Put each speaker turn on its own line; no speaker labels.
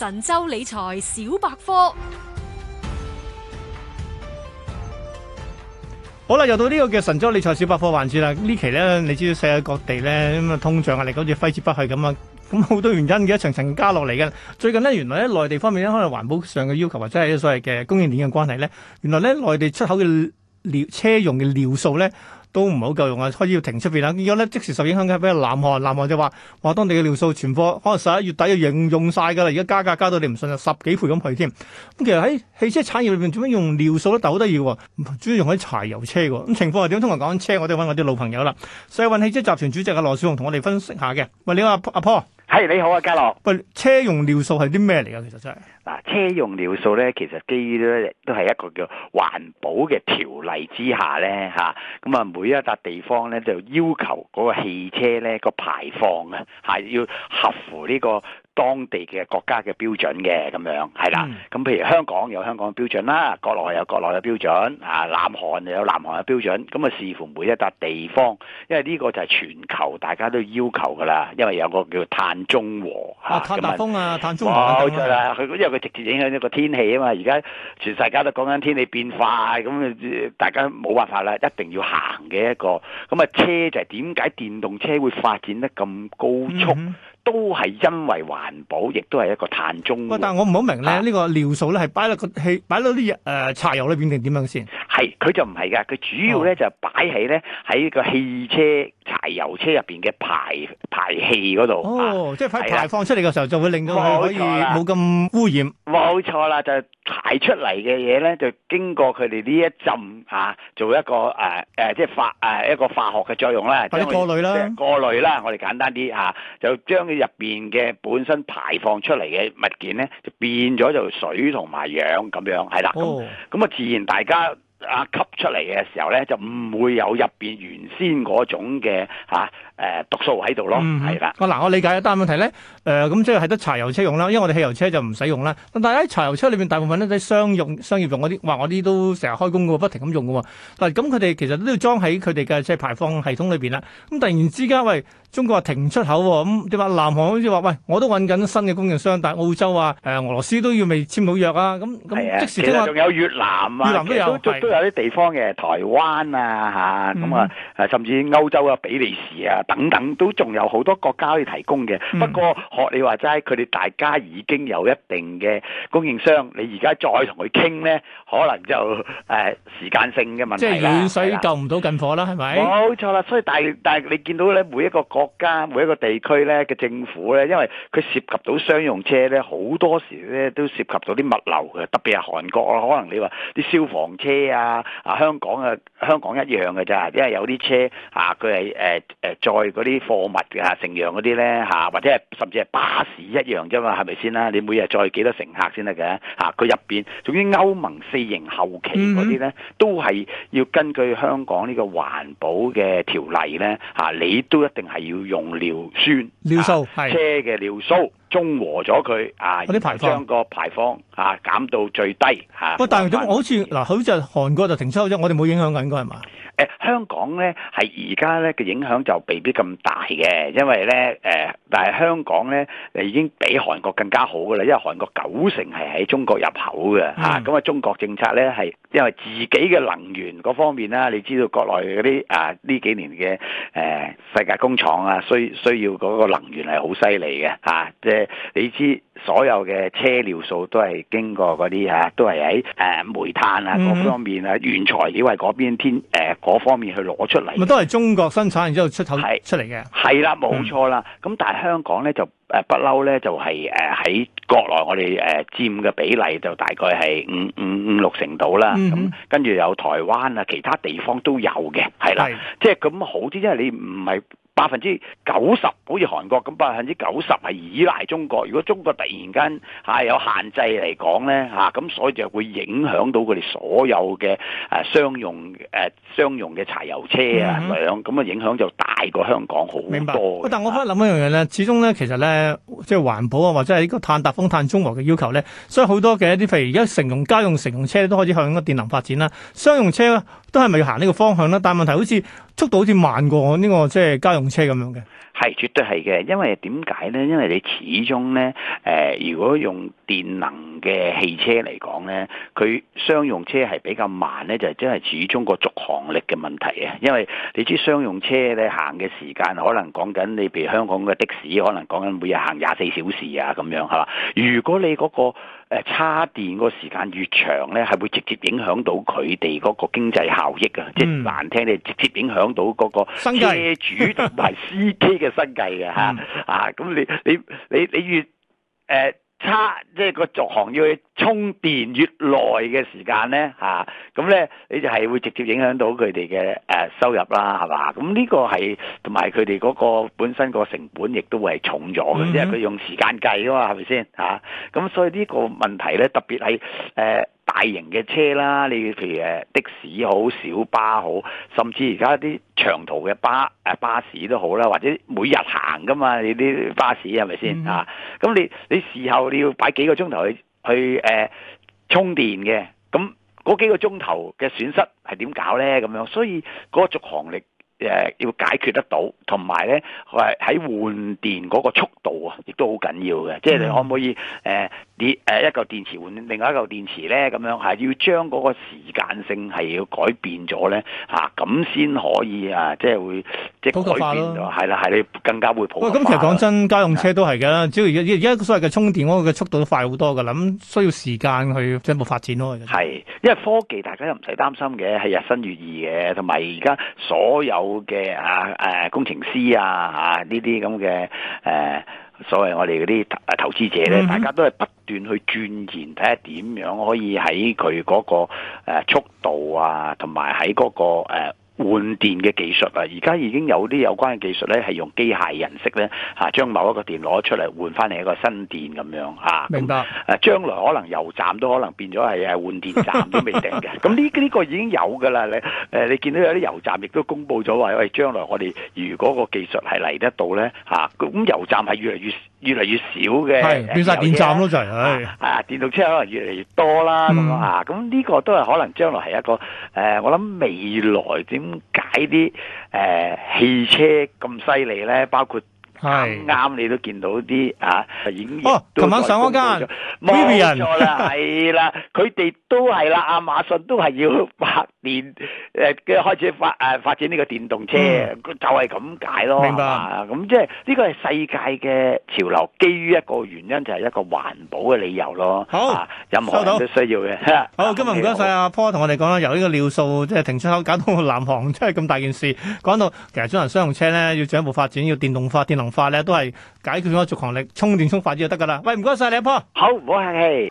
神州理財小百科。
好啦，又到呢個嘅神州理財小百科環節啦。呢期呢，你知道世界各地呢，咁啊，通脹壓力好似揮之不去咁啊。咁好多原因嘅，一層層加落嚟嘅。最近呢，原來咧，內地方面呢，可能環保上嘅要求或者係所謂嘅供應鏈嘅關係呢，原來呢內地出口嘅尿車用嘅尿素呢。都唔係好夠用啊，開始要停出邊啦。而家咧即時受影響嘅係咩？南韓，南韓就話，話當地嘅尿素全貨可能十一月底要用用晒噶啦。而家加價加到你唔信啊，十幾倍咁去添。咁其實喺汽車產業裏邊，做咩用尿素都但好得意喎，主要用喺柴油車。咁情況又點？通常講緊車，我哋揾我啲老朋友啦。世運汽車集團主席啊羅少雄同我哋分析下嘅。喂，你阿阿婆。係、hey, 你好啊，家樂。喂，車用尿素係啲咩嚟噶？其實真係
嗱，車用尿素咧，其實基於咧都係一個叫環保嘅條例之下咧，吓咁啊，每一笪地方咧就要求嗰個汽車咧個排放啊，係要合乎呢、呢個。當地嘅國家嘅標準嘅咁樣，係啦。咁譬如香港有香港嘅標準啦，國內有國內嘅標準，啊，南韓又有南韓嘅標準。咁啊，視乎每一笪地方，因為呢個就係全球大家都要求噶啦。因為有個叫碳中和啊，碳達峯
啊，碳中和冇錯啦。
佢因為佢直接影響一個天氣啊嘛。而家全世界都講緊天氣變化，咁大家冇辦法啦，一定要行嘅一個。咁啊，車就係點解電動車會發展得咁高速？嗯都係因為環保，亦
都係一個碳中和。但係我唔好明咧，呢、啊、個尿素咧係擺落個氣，擺喺啲誒柴油裏邊定點樣先？係佢就唔係噶，佢主要咧、哦、就擺喺咧喺個汽車
柴油車入邊嘅排排氣嗰度。
即係排放出嚟嘅時候就會令到佢可以冇咁污染。冇
錯、哦哦、啦，就排出嚟嘅嘢咧，就經過佢哋呢一浸吓、啊，做一個誒誒、啊啊，即係化誒、啊、一個化學嘅作用啦。或者過濾啦，過濾啦，我哋簡單啲吓、啊，就將佢入邊嘅本身排放出嚟嘅物件咧，就變咗就水同埋氧咁樣，係啦。哦，咁啊，自然大家。啊吸出嚟嘅時候咧，就唔會有入邊原先嗰種嘅
嚇誒毒素喺度咯，係啦、嗯。嗱的、啊，我理解，一但問題咧，誒、呃、咁即係係得柴油車用啦，因為我哋汽油車就唔使用啦。但係喺柴油車裏邊，大部分都係商用商業用嗰啲，哇！我啲都成日開工㗎喎，不停咁用㗎喎。但係咁佢哋其實都要裝喺佢哋嘅即係排放系統裏邊啦。咁突然之間，喂，中國停出口喎，咁點啊？南韓好似話，喂，我都揾緊新嘅供應商，但澳洲啊、誒、呃、俄羅斯都要未簽到約啊，咁咁的即時即仲有
越南啊，越南都有，啲地方嘅台灣啊嚇，咁啊，甚至歐洲啊，比利時啊等等，都仲有好多國家可以提供嘅。不過學你話齋，佢哋大家已經有一定嘅供應商，你而家再同佢傾咧，可能就誒時間性嘅問題啦，所以水救
唔到近火啦，係咪？冇錯啦，所以但係但
係你見到咧，每一個國家每一個地區咧嘅政府咧，因為佢涉及到商用車咧，好多時咧都涉及到啲物流嘅，特別係韓國啦，可能你話啲消防車啊。啊！香港嘅，啊、香港一樣嘅咋，因為有啲車嚇佢係誒誒載嗰啲貨物嘅啊，乘揚嗰啲咧嚇，或者係甚至係巴士一樣啫嘛，係咪先啦？你每日載幾多乘客先得嘅嚇？佢入邊總之歐盟四型後期嗰啲咧，都係要根據香港呢個環保嘅條例咧嚇，啊，你都一定係要用尿酸尿素車嘅尿素。中和咗佢啊，將個排放啊減到最低嚇。不總，但係咁我
好似嗱，好似韓國就停收咗，我哋冇影響㗎，應該係嘛？
誒，香港咧係而家咧嘅影響就未必咁大嘅，因為咧誒、呃，但係香港咧已經比韓國更加好㗎啦，因為韓國九成係喺中國入口嘅嚇，咁啊中國政策咧係。嗯因為自己嘅能源嗰方面啦，你知道國內嗰啲啊呢幾年嘅誒、呃、世界工廠啊，需需要嗰個能源係好犀利嘅嚇，即係你知所有嘅車尿素都係經過嗰啲嚇，都係喺誒煤炭啊各方面啊、嗯、原材料係嗰邊天誒嗰方面去攞出嚟。咪
都係中國生產，然之後出頭出嚟嘅。
係啦，冇錯啦。咁、嗯、但係香港咧就誒不嬲咧就係誒喺。啊啊啊啊啊啊啊國內我哋誒、呃、佔嘅比例就大概係五五五六成度啦，咁、嗯、哼跟住有台灣啊，其他地方都有嘅，係啦，的即係咁好啲，因為你唔係。百分之九十好似韓國咁，百分之九十係依賴中國。如果中國突然間係有限制嚟講咧吓，咁所以就會影響到佢哋所有嘅誒商用誒商用嘅柴油車啊咁樣，咁啊影響就大過香港好多，明白。
但係我開諗一樣嘢咧，始終咧其實咧即係環保啊，或者係呢個碳達峰、碳中和嘅要求咧，所以好多嘅一啲譬如而家乘用家用乘用車都開始向個電能發展啦，商用車咧。都係咪要行呢個方向咧？但問題好似速度好似慢過我呢個即係家用車咁樣嘅，
係絕對係嘅。因為點解咧？因為你始終咧，誒、呃，如果用電能嘅汽車嚟講咧，佢商用車係比較慢咧，就係真係始終個續航力嘅問題啊。因為你知商用車咧行嘅時間可能講緊你，譬如香港嘅的、的士可能講緊每日行廿四小時啊咁樣吓。如果你嗰、嗰個誒叉電嗰個時間越長咧，係會直接影響到佢哋嗰個經濟效益啊！嗯、即係難聽你直接影響到嗰個車主同埋司機嘅生計嘅嚇、嗯、啊！咁你你你你越誒。呃差即係個續航要去充電越耐嘅時間咧嚇，咁、啊、咧你就係會直接影響到佢哋嘅誒收入啦，係嘛？咁呢個係同埋佢哋嗰個本身個成本亦都會係重咗嘅，因為佢用時間計啊嘛，係咪先嚇？咁所以呢個問題咧，特別係誒。呃大型嘅車啦，你譬如誒的士好、小巴好，甚至而家啲長途嘅巴誒巴士都好啦，或者每日行㗎嘛，你啲巴士係咪先啊？咁你你事後你要擺幾個鐘頭去去誒、呃、充電嘅，咁嗰幾個鐘頭嘅損失係點搞咧？咁樣，所以嗰個續航力。誒要解決得到，同埋咧，係喺換電嗰個速度啊，亦都好緊要嘅。即係你可唔可以誒電誒一嚿電池換另外一嚿電池咧？咁樣係要將嗰個時間性係要改變咗咧嚇，咁、啊、先可以啊！即係會即係改變咗，係啦，係你更加會普及。喂、哎，咁其實講
真，家用車都係㗎啦。的只要而而家所謂嘅充電嗰、那個速度都快好多噶啦。咁需要時間去進一步發展咯。係，
因為科技大家又唔使擔心嘅，係日新月異嘅，同埋而家所有。好嘅啊，誒、啊，工程師啊，吓、啊，呢啲咁嘅誒，所謂我哋嗰啲誒投資者咧，嗯、哼大家都係不斷去鑽研睇下點樣可以喺佢嗰個誒速度啊，同埋喺嗰個誒。啊換電嘅技術啊，而家已經有啲有關嘅技術咧，係用機械人識咧吓，將某一個電攞出嚟，換翻嚟一個新電咁樣啊。明白。誒，將來可能油站都可能變咗係係換電站都未定嘅。咁呢呢個已經有㗎啦。你誒你見到有啲油站亦都公布咗話，喂，將來我哋如果個技術係嚟得到咧吓，咁油站係越嚟越越嚟越少嘅。係，變曬電站咯就係。啊，電動車可能越嚟越多啦咁樣啊。咁呢個都係可能將來係一個誒、呃，我諗未來點？點解啲誒汽車咁犀利咧，包括啱你都見到啲啊，影,影。哦，琴晚上嗰間
冇錯啦，係
啦，佢哋都係啦，亞馬遜都係要拍。電誒嘅開始發誒發展呢個電動車，嗯、就係咁解咯。明白。咁即係呢個係世界嘅潮流，基於一個原因就係一個環保嘅理由咯。好，啊、任何都需要嘅。好，今日唔該晒
阿波同我哋講啦，由呢個尿素即係停出口，搞到南韓真係咁大件事，講到其實將來，商用車咧要進一步發展，要電動化、電能化咧都係解決咗續航力，充電充快啲就得噶啦。喂，唔該晒你阿波。
好，唔好客氣。